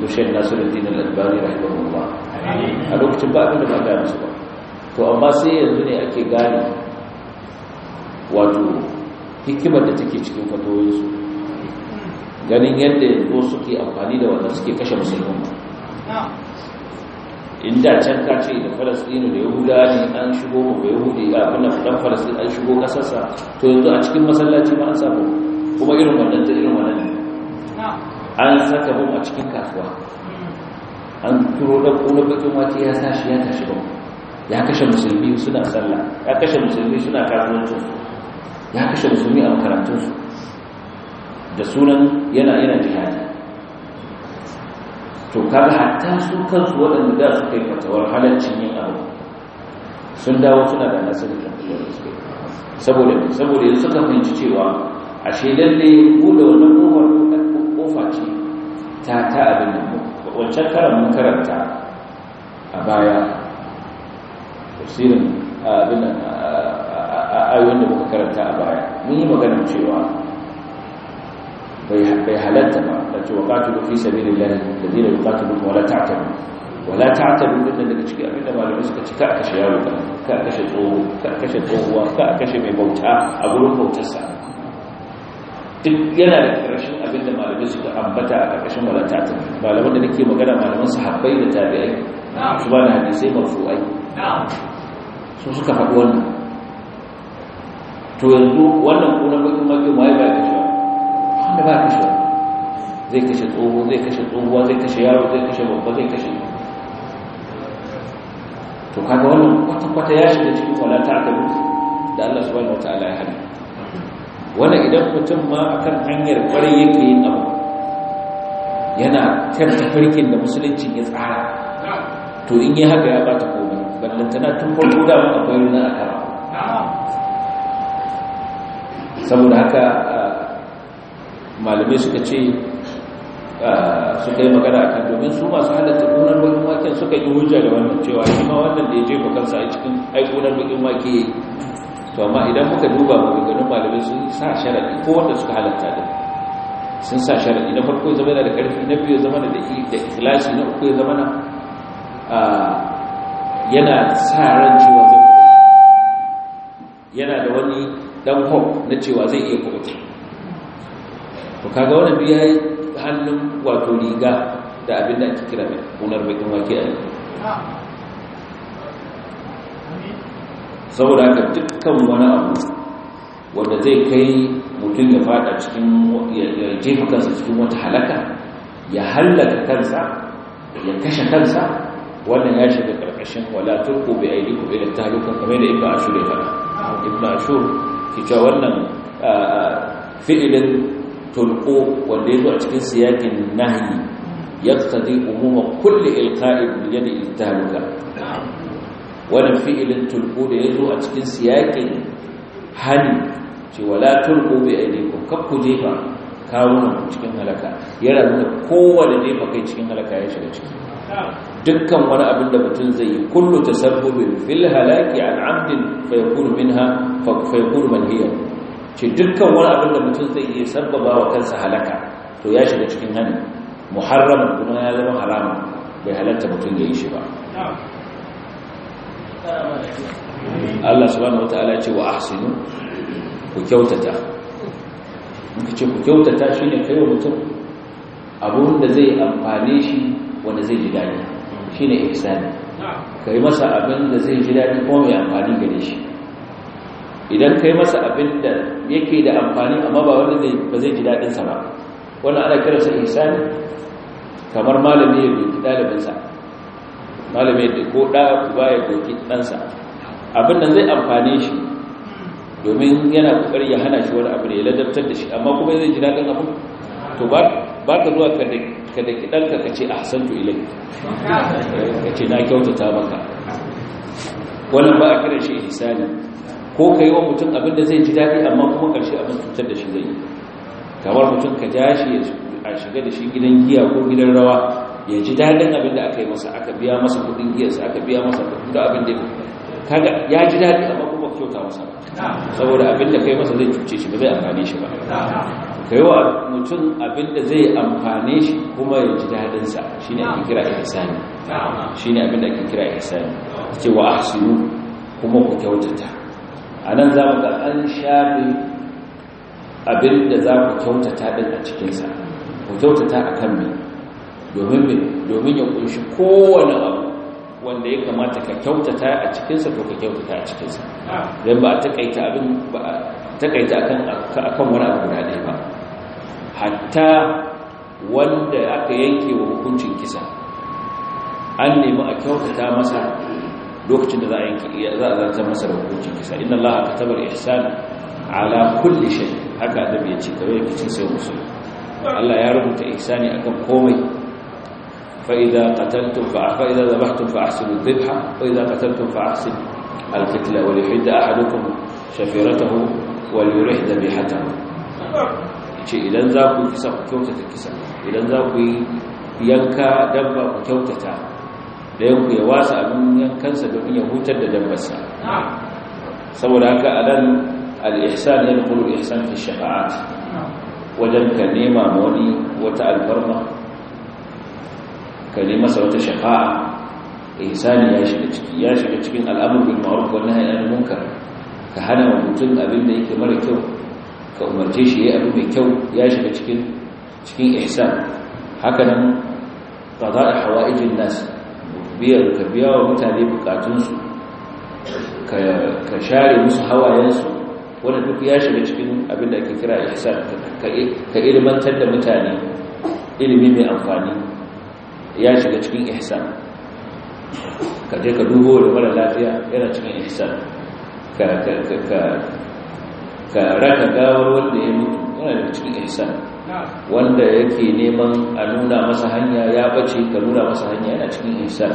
su shek nasiruddin al-albani rahimahullah a lokacin ba abin da ba ga musu ba to amma sai yanzu ne ake gane wato hikimar da take cikin fatoyinsu ganin yadda yanzu suke amfani da wanda suke kashe musulman inda can ka ce da falastinu da yahuda ne an shigo mu yahudi ga abin da falastin an shigo kasarsa to yanzu a cikin masallaci ma an samu kuma irin wannan ta irin wannan an saka bom a cikin kasuwa an turo da kuma bakin wake ya sa shi ya tashi ba ya kashe musulmi suna sallah ya kashe musulmi suna kasuwancinsu ya kashe musulmi a makarantunsu da sunan yana yana jihadi to kaga hatta su kansu waɗanda da suka yi fatawar halaccin yin abu sun dawo suna da nasarar da suke saboda saboda yanzu suka fahimci cewa a ashe lalle buɗe wannan kofar kofa ce ta ta abin nan wancan karan mun karanta a baya tafsirin abin ayoyin da muka karanta a baya mun yi magana cewa bai halatta ba da ce wa katilu fi sabilillahi alladhina yuqatilukum wala ta'tabu wala ta'tabu din daga cikin abin da malamai suka ci ka a kashe yaro ka a kashe tsoho ka a kashe tsohuwa ka a kashe mai bauta a gurin bautarsa duk yana da ƙarshen abin da malamai suka ambata a ƙarƙashin wala ta'tabu malaman da nake magana malaman sahabbai da tabi'ai su ba na hadisai marfu'ai su suka faɗi wannan to yanzu wannan kuna bakin makin waye ba kashewa wanda ba kashewa zai kashe tsoho zai kashe tsohuwa zai kashe yaro zai kashe babba zai kashe to kaga wannan kwata-kwata ya shiga cikin walata a da Allah subhanahu wataala ya hana wannan idan mutum ma akan hanyar kwarai yake yin abu yana tarta farkin da musulunci ya tsara to in yi haka ya ba ta komai tana tun farko da akwai rina a kara saboda haka malamai suka ce suka yi magana a kan domin su masu halatta ƙunar bakin waken suka yi hujja da wannan cewa shi ma wannan da ya jefa kansa a cikin aikunar bakin wake to amma idan muka duba ganin malamai sun sa sharaɗi ko wanda suka halatta da sun sa sharaɗi na farko zama da ƙarfi na biyu zama da ikhlasi na uku ya zama na yana sa ran cewa zai kuɓuta yana da wani ɗan hope na cewa zai iya kuɓuta to kaga wannan biyu yi hannun wato riga da abin da ake kira kunar bakin wake a saboda haka dukkan wani abu wanda zai kai mutum ya fada cikin ya jefa kansa cikin wata halaka ya hallaka kansa ya kashe kansa wannan ya shiga karkashin wala turku bi aidikum ila tahlukum kamar da ibnu ashur ya fada ibnu ashur ki ta wannan fi'ilin turku wanda yazo a cikin siyakin nahyi yaqtadi umuma kulli ilqa'i bi yadi tahluka wannan fi'ilin turku da yazo a cikin siyakin hani ce wala turku bi aidikum kakku jefa kawunan cikin halaka yana kowa da jefa kai cikin halaka ya shiga ciki dukkan wani abin da mutum zai yi kullu tasabbubin fil halaki an abdin fa min minha fa man ce dukkan wani abin da mutum zai yi sabbaba wa kansa halaka to ya shiga cikin hani muharram kuma ya zama harama bai halatta mutum ya yi shi ba Allah subhanahu wataala ce wa ahsinu ku kyautata ce ku kyautata shine kai wa mutum abun da zai amfane shi wanda zai ji daɗi shi ne ihsani ka yi masa abin da zai ji daɗi ko mai amfani gare shi idan ka yi masa abin da yake da amfani amma ba wanda ba zai ji daɗinsa ba wanda ana kiransa ihsani kamar malami ya doki ɗalibinsa malami ya ko ɗa ba ya doki ɗansa abin da zai amfane shi domin yana kokari ya hana shi wani abu da ya ladabtar da shi amma kuma zai ji daɗin abu to ba ka zuwa ka da kiɗanka ka ce a hasantu ilai ka ce na kyautata maka wannan ba a kira shi ihsani ko ka yi wa mutum abin da zai ji daɗi amma kuma ƙarshe abin cutar da shi zai yi kamar mutum ka ja shi a shiga da shi gidan giya ko gidan rawa ya ji daɗin abin da aka yi masa aka biya masa kuɗin giyarsa aka biya masa kuɗin abin da ya ji daɗi amma kuma kyauta masa saboda abinda da kai masa zai cuce shi ba zai amfane shi ba ka yi wa mutum abinda da zai amfane shi kuma ya ji daɗinsa shi ne ake kira ihsani shi ne abinda ake kira ihsani wa ahsinu kuma ku kyautata a nan za mu ga an shafe abinda da za ku kyautata ɗin a cikinsa ku kyautata a kan mai domin ya kunshi kowane abu wanda ya kamata ka kyautata a cikinsa ko ka kyautata a cikinsa don ba a takaita abin ba a kan wani abu guda ba hatta wanda aka yanke wa hukuncin kisa an nemi a kyautata masa lokacin da za a yanke za a zartar masa da hukuncin kisa inna allaha katabar ihsan ala kulli shay haka da ya ce kawai cikin sai musu Allah ya rubuta ihsani akan komai فإذا قتلتم فإذا ذبحتم فأحسنوا الذبحة وإذا قتلتم فأحسن القتلة وليحد أحدكم شفيرته وليرح ذبيحته شيء إذا ذاكوا في سقف كوتة الكسا إذا ذاكوا ينكى دبا كوتة لينكوا يواسع من ينكنس بمية متدى دبا نعم. سوى لك أذن الإحسان ينقل الإحسان في الشفاعات نعم. ودنك النيمة موني وتأل برمه ka nema masa wata shafa'a ihsani ya shiga ciki ya shiga cikin al'amur bil ma'ruf wal anil munkar ka hana wa mutum abin da yake mara kyau ka umarce shi ya abu mai kyau ya shiga cikin cikin ihsan haka nan qada'i hawaijin nas biyar ka biya wa mutane bukatunsu ka share musu hawayensu wanda duk ya shiga cikin abin da ake kira ihsan ka ilmantar da mutane ilimi mai amfani ya shiga cikin ihsan ka je ka dubo da mara lafiya yana cikin ihsan ka raka gawar wanda ya mutu yana da cikin ihsan wanda yake neman a nuna masa hanya ya bace ka nuna masa hanya yana cikin ihsan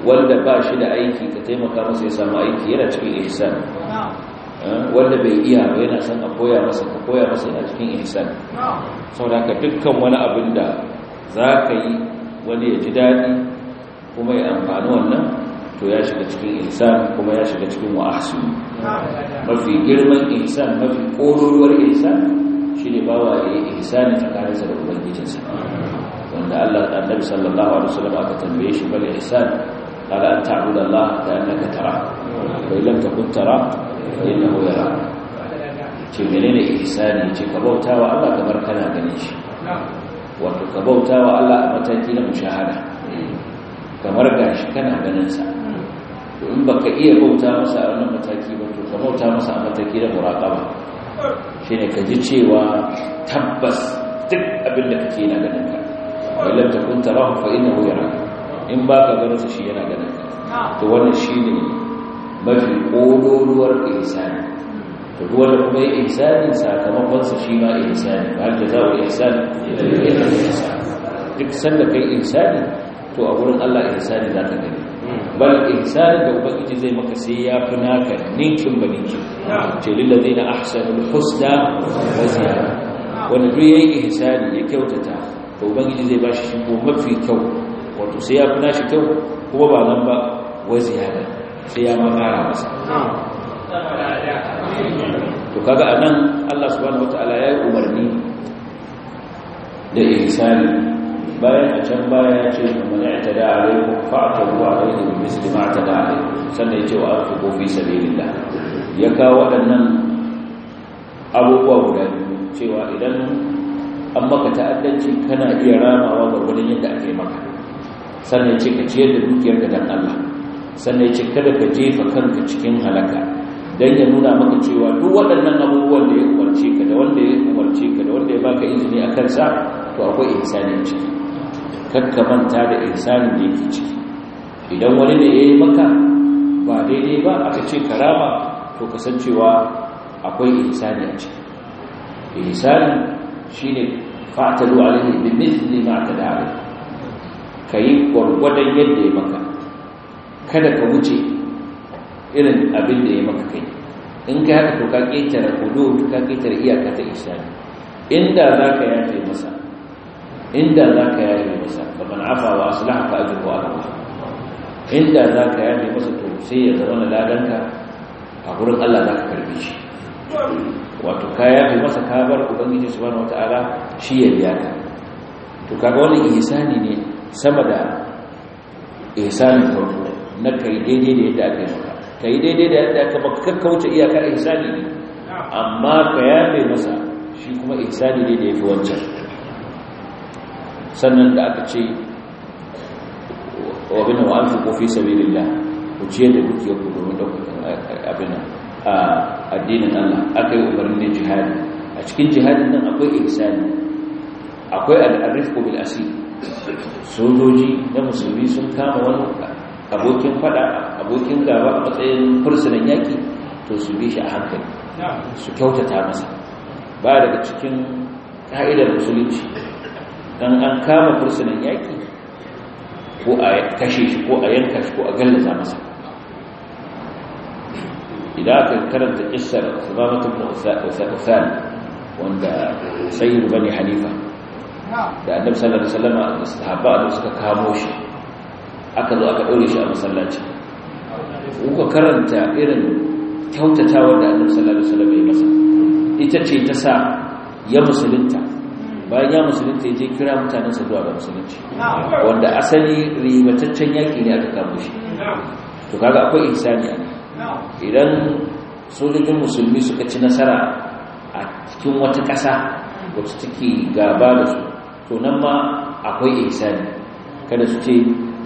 wanda ba shi da aiki ka taimaka masa ya samu aiki yana cikin ihsan eh, wanda bai iya ba yana son a koya masa ka koya masa yana cikin ihsan saboda ka dukkan wani abin da za ka yi wani ya ji daɗi kuma ya amfani wannan to ya shiga cikin insan kuma ya shiga cikin wa'asu mafi girman insan mafi ƙoruruwar insan shi ne bawa ya yi ihsani tsakaninsa da ubangijinsa wanda Allah annabi sallallahu alaihi wasallam aka tambaye shi bal ihsan qala an ta'budu Allah ka annaka tara wa illam takun tara innahu yara ce menene ihsani ce ka bautawa Allah kamar kana ganin shi wato ka bauta wa Allah a mataki na mushahada kamar shi kana ganin sa to in baka iya bauta masa a wannan mataki ba to ka bauta masa a mataki na muraqaba shine ka ji cewa tabbas duk abin da kake yana ganin ka ta kunta rahu fa innahu yara in baka ganin shi yana ganin ka to wannan shine mafi kodoruwar ihsani ruwa da kuma ihsanin sakamakon sa shi ma ihsani har da zawo ihsani duk sanda kai ihsani to a wurin Allah ihsani za ka gani bal ihsani da ubangiji zai maka sai ya fi naka ninkin ba ninkin ce lillazina ahsanul husna wa ziyada wanda duk yayi ihsani ya kyautata to ubangiji zai ba shi ko mafi kyau wato sai ya fi nashi kyau kuma ba nan ba wa ziyara sai ya makara masa to kaga anan Allah subhanahu wataala ya yi umarni da ihsani bayan a can baya ya ce man i'tada alaykum fa'tabu alayhi bi ma i'tada alaykum sannan ya ce wa anfiqu fi sabilillah ya kawo waɗannan abubuwa guda biyu cewa idan an maka ta'addanci kana iya ramawa ga wani yadda ake maka sannan ya ce ka ciyar da dukiyarka dan Allah sannan ya ce kada ka jefa kanka cikin halaka don ya nuna maka cewa duk waɗannan abubuwan da ya umarci ka da wanda ya umarci ka da wanda ya baka izini a kansa to akwai insani ciki kakka manta da insani da yake ciki idan wani ne ya yi maka ba daidai ba aka ce karama to cewa akwai insani a ciki insani shi ne a alaihi bin mithli ma ta da ka yi gwargwadon yadda ya maka kada ka wuce irin abin da ya maka kai in ka haka to ka ƙetare hudud ka ƙetare iyaka ta isani inda za ka yafe masa inda za ka yafe masa ba man afa wa aslaha ka ajru wa ala inda za ka yafe masa to sai ya zama na ladanka a gurin Allah za ka karbe shi wato ka yafe masa ka bar ubangiji subhanahu wataala shi ya biya ka to kaga wannan ihsani ne sama da ihsanin farko na kai daidai da yadda ake yi ka yi daidai da yadda ka baka kakkauce iyakar insani ne amma ka mai masa shi kuma insani ne da ya fi wancan sannan da aka ce wa bin wa anfiqu fi sabilillah ku ciyar da dukiyar domin abin a addinin Allah aka akai umarni jihadi a cikin jihadin nan akwai insani akwai al'arif arifqu sojoji na musulmi sun kama wani abokin fada abokin gaba a matsayin fursunan yaki to su bi shi a hankali su kyautata masa ba daga cikin ka'idar musulunci dan an kama fursunan yaki ko a kashe shi ko a yanka shi ko a gallaza masa idan aka karanta kissar sababatu usal wanda sayyid rubani hanifa da annabi sallallahu alaihi wasallam da sahaba da suka kamo shi aka zo aka ɗaure shi a masallaci kuka karanta irin kyautatawa da annabi sallallahu alaihi wasallam ya masa ita ce ta sa ya musulunta bayan ya musulunta je kira sa zuwa ga musulunci wanda asali ribataccen yaki ne aka kawo shi to kaga akwai ihsani idan sojojin musulmi suka ci nasara a cikin wata ƙasa wacce take gaba da su to nan ma akwai ihsani kada su ce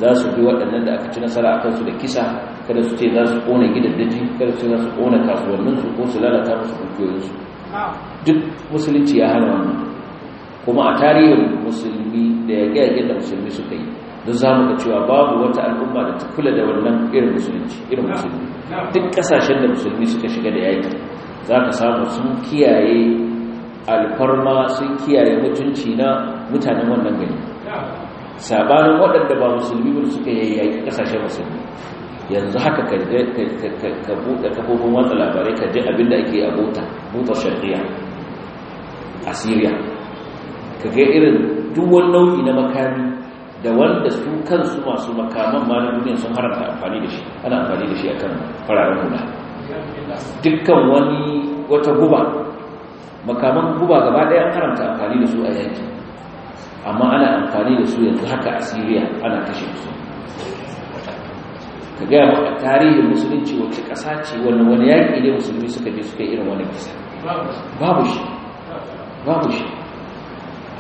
za su bi waɗannan da aka ci nasara a kansu da kisa kada su ce za su ƙona gidaddaji kada su ce za su ƙona kasuwanninsu ko su lalata musu dukiyoyinsu duk musulunci ya hana wannan kuma a tarihin musulmi da ya gaya da musulmi suka yi don za mu ga cewa babu wata al'umma da ta kula da wannan irin musulunci irin musulmi duk ƙasashen da musulmi suka shiga da yaƙi za ka samu sun kiyaye alfarma sun kiyaye mutunci na mutanen wannan gari sabanin waɗanda ba musulmi ba suka yayyaki kasashen musulmi yanzu haka ka buɗe kafofin watsa labarai ka je abinda ake a buta buta shari'a a syria ka ga irin duwan nau'i na makami da wanda su kansu masu makaman ma na duniya sun haramta amfani da shi ana amfani da shi akan fararen hula dukkan wani wata guba makaman guba gaba ɗaya an haramta amfani da su a yankin amma ana amfani da su yanzu haka a syria ana kashe su ka gaya maka tarihin musulunci wacce ƙasa ce wani wani yaƙi ne musulmi suka je suka irin wani kisa babu shi babu shi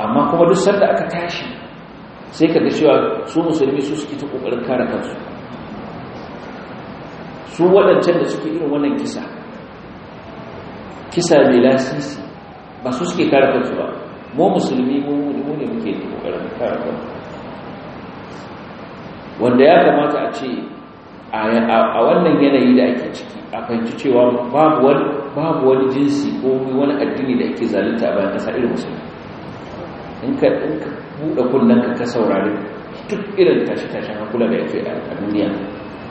amma kuma duk sanda aka tashi sai ka ga cewa su musulmi su suke ta ƙoƙarin kare kansu su waɗancan da suke irin wannan kisa kisa mai lasisi ba su suke kare kansu ba mu musulmi mu ne muke kokarin kare kanmu wanda ya kamata a ce a wannan yanayi da ake ciki a fahimci cewa babu wani jinsi ko wani addini da ake zalunta a bayan ƙasa irin musulmi in ka buɗe kullum ka saurari duk irin tashe-tashen hakula da yake a duniya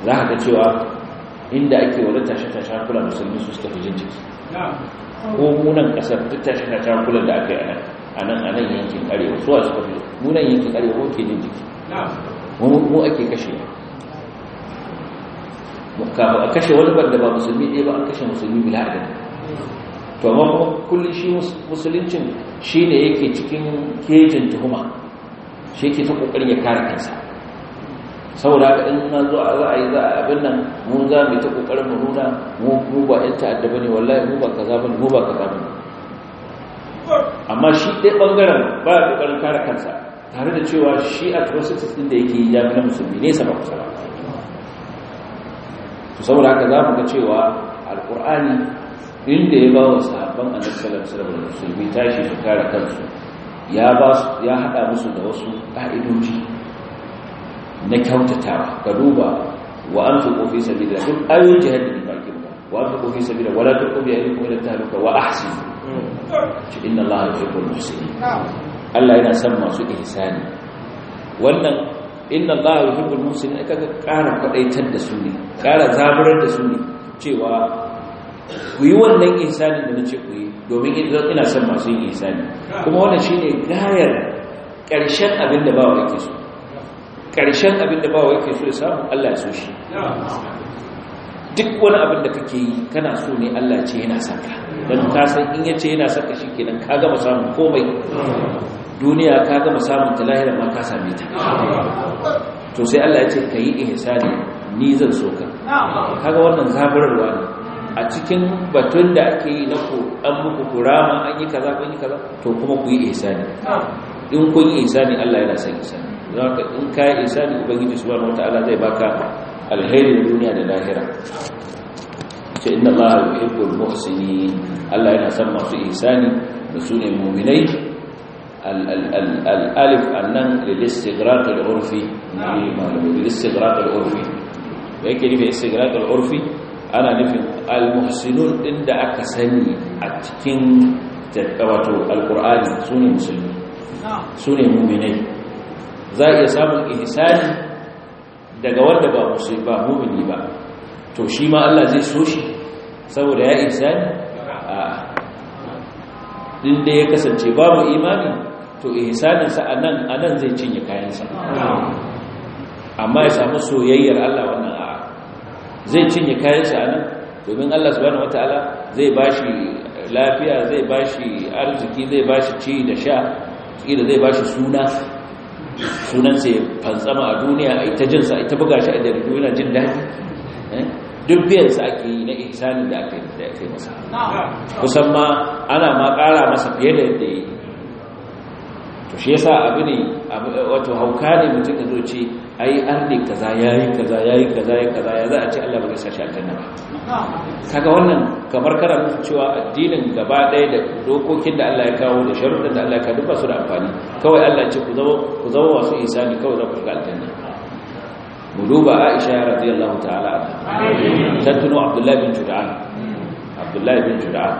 za ka cewa inda ake wani tashe-tashen hakula musulmi su suka fi jin ciki ko munan ƙasar duk tashe-tashen hakula da aka yi a nan a nan a nan yankin arewa su suka fi mu nan yankin arewa ke jin jiki mu ake kashe kafa a kashe wani banda ba musulmi ɗaya ba a kashe musulmi bila adam to amma kuma kullum shi musuluncin shi ne yake cikin kejin tuhuma shi yake ta ƙoƙarin ya kare kansa saboda haka in na zo a za a yi za a abin nan mu za mu ta ƙoƙarin mu nuna mu ba 'yan ta'adda ba ne wallahi mu ba kaza ba mu ba kaza ba amma shi ɗaya ɓangaren ba ya ƙoƙarin kare kansa tare da cewa shi a atrocities ɗin da yake yi ya na musulmi nesa ba kusa ba to saboda haka za mu ga cewa alƙur'ani inda ya ba wa sahabban a sallallahu alaihi wasallam musulmi tashi su kare kansu ya ba ya hada musu da wasu ƙa'idoji na kyautatawa ka duba wa an fi sabida duk ayoyin jihar da ba ki ba wa an fi sabilillah wala tulqu bi aydikum ila tahluka wa ahsinu shi inna Allah yuhibbul muhsinin Allah yana son masu ihsani wannan inna Allah yuhibbul muhsinin kaga ƙara kwadaitar da su ne ƙara zaburar da su ne cewa ku yi wannan ihsani da nace ku yi domin ina son masu yin ihsani kuma wannan shine gayar ƙarshen abin da wa yake so ƙarshen abin da bawa yake so ya samu Allah ya so shi duk wani abin da kake yi kana so ne Allah ce yana saka don ka san in yace yana saka shikenan ka gama samun komai duniya ka gama samun ta lahira ma ka same ta to sai Allah ya ce ka yi ihsani ni zan so ka kaga wannan zaburarwa ne a cikin batun da ake yi na ku an muku kurama an yi kaza an yi kaza to kuma ku yi ihsani in kun yi ihsani Allah yana son ihsani don haka in ka yi ihsani ubangiji subhanahu wataala zai baka alherin duniya da lahira ce inda Allah yuhibbul muhsinin Allah yana son masu ihsani da su ne mu'minai al-alif annan lil-istighraq al-urfi lil-istighraq al-urfi yake nufi istighraq al-urfi ana nufin al-muhsinun din da aka sani a cikin wato al-qur'ani sune musulmi sune mu'minai za a iya samun ihsani daga wanda ba musulmi ba mu'mini ba to shi ma Allah zai so shi saboda ya insani a inda ya kasance babu imani to sa anan anan zai cinye kayansa amma ya samu soyayyar Allah wannan a zai cinye kayansa anan domin Allah subhanahu wataala zai bashi lafiya zai bashi arziki zai bashi ci da sha kida zai bashi suna Sunan sai fantsama a duniya a ita jinsa ita buga shi a jirgin yana jin daji eh? duk biyansa ake yi na ihsanin da aka yi masa kusan ma ana ma ƙara masa fiye da yadda yi to shi yasa abu ne wato hauka ne mutum da zoce ce ai arne kaza yayi kaza yayi kaza yayi kaza ya za a ce Allah ba zai sashi aljanna ba kaga wannan kamar kana mutu cewa addinin gaba ɗaya da dokokin da Allah ya kawo da sharuɗin da Allah ya kawo duk ba su da amfani kawai Allah ce ku zama ku zama masu isani kawai za ku shiga aljanna mu duba Aisha radiyallahu ta'ala anha tattuno Abdullah bin Jud'an Abdullah bin Jud'an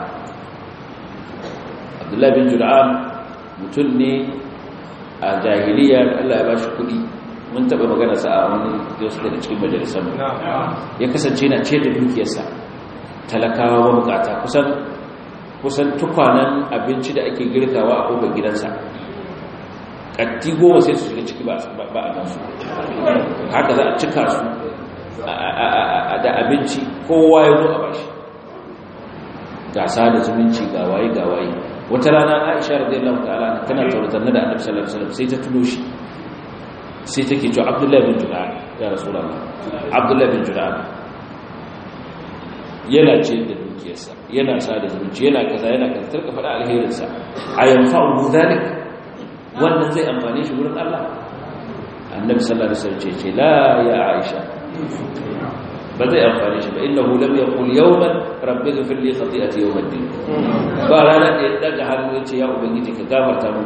Abdullah bin Jud'an mutum ne a jahiliya Allah ya ba shi kuɗi mun taɓa magana sa a wani yau da cikin majalisar mu ya kasance na ce da dukiyarsa talakawa bukata kusan kusan tukwanan abinci da ake girkawa a kofar gidansa ƙatti goma sai su shiga ciki ba a gansu haka za a cika su da abinci kowa ya zo a bashi gasa da zumunci gawaye-gawaye. wata rana aisha radiyallahu ta'ala tana taurutar da annabi sallallahu alaihi wasallam sai ta tuno shi sai take cewa abdullahi bin judan ya rasulullah abdullahi bin judan yana ce da dukiyarsa yana sa da zuci yana kaza yana kaza tarka faɗa alherinsa a yanfa'u dhalik wannan zai amfane shi wurin Allah annabi sallallahu alaihi wasallam ce la ya aisha بدأ الخارج فإنه لم يقل يوما رب اغفر لي خطيئتي يوم الدين قال أنا إدقها الميت يا أبن جيتك قامر تامن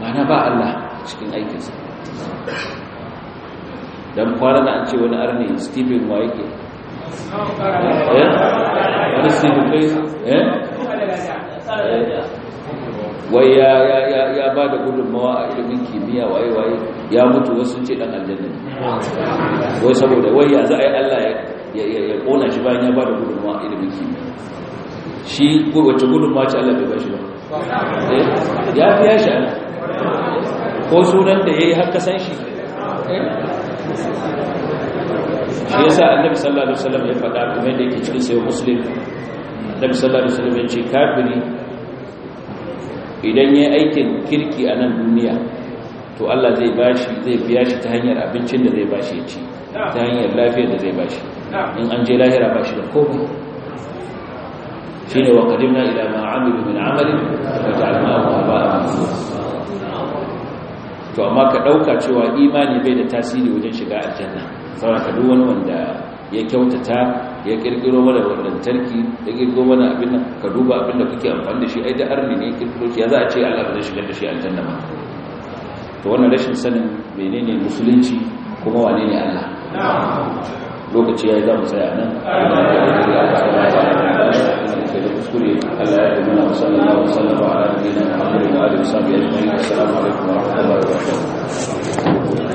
ما أنا باء الله شكين أي كنسا دم قارنا أنت وانا أرني ستيبين وايك إيه؟ أنا ستيبين كيس إيه؟ ويا يا يا يا بعد كل ما أجل من كيمياء وأي وأي ya mutu wasu sun ce dan aljanna wai saboda wai ya za a yi Allah ya kona shi bayan ya ba bada a ilimin kimiyya shi wacce gudunmawa ce Allah bai ba shi ba eh, ya fi ya sha ko sunan da ya yi har kasan shi eh? shi yasa annabi sallallahu alaihi wasallam ya faɗa kuma da yake cikin sayo muslim annabi sallallahu alaihi wasallam ya ce kafiri idan ya yi aikin kirki a nan duniya to Allah zai bashi zai biya shi ta hanyar abincin da zai bashi ya ci ta hanyar lafiyar da zai bashi in an je lahira bashi da komai shine wa qadimna ila ma amilu min amalin wa ja'alnahu haba'an to amma ka dauka cewa imani bai da tasiri wajen shiga aljanna saboda ka duk wani wanda ya kyautata ya kirkiro mana wannan tarki ya kirkiro mana abin nan ka duba abin da kuke amfani da shi ai da arni ne kirkiro shi ya za a ce Allah ba zai shigar da shi aljanna ba to wannan rashin sanin menene musulunci kuma wane ne Allah lokaci ya za mu tsaya nan Allah ya kuma na sallallahu alaihi wasallam ala nabiyina Muhammadin wa alihi wa sahbihi ajma'in assalamu alaikum wa rahmatullahi wa barakatuh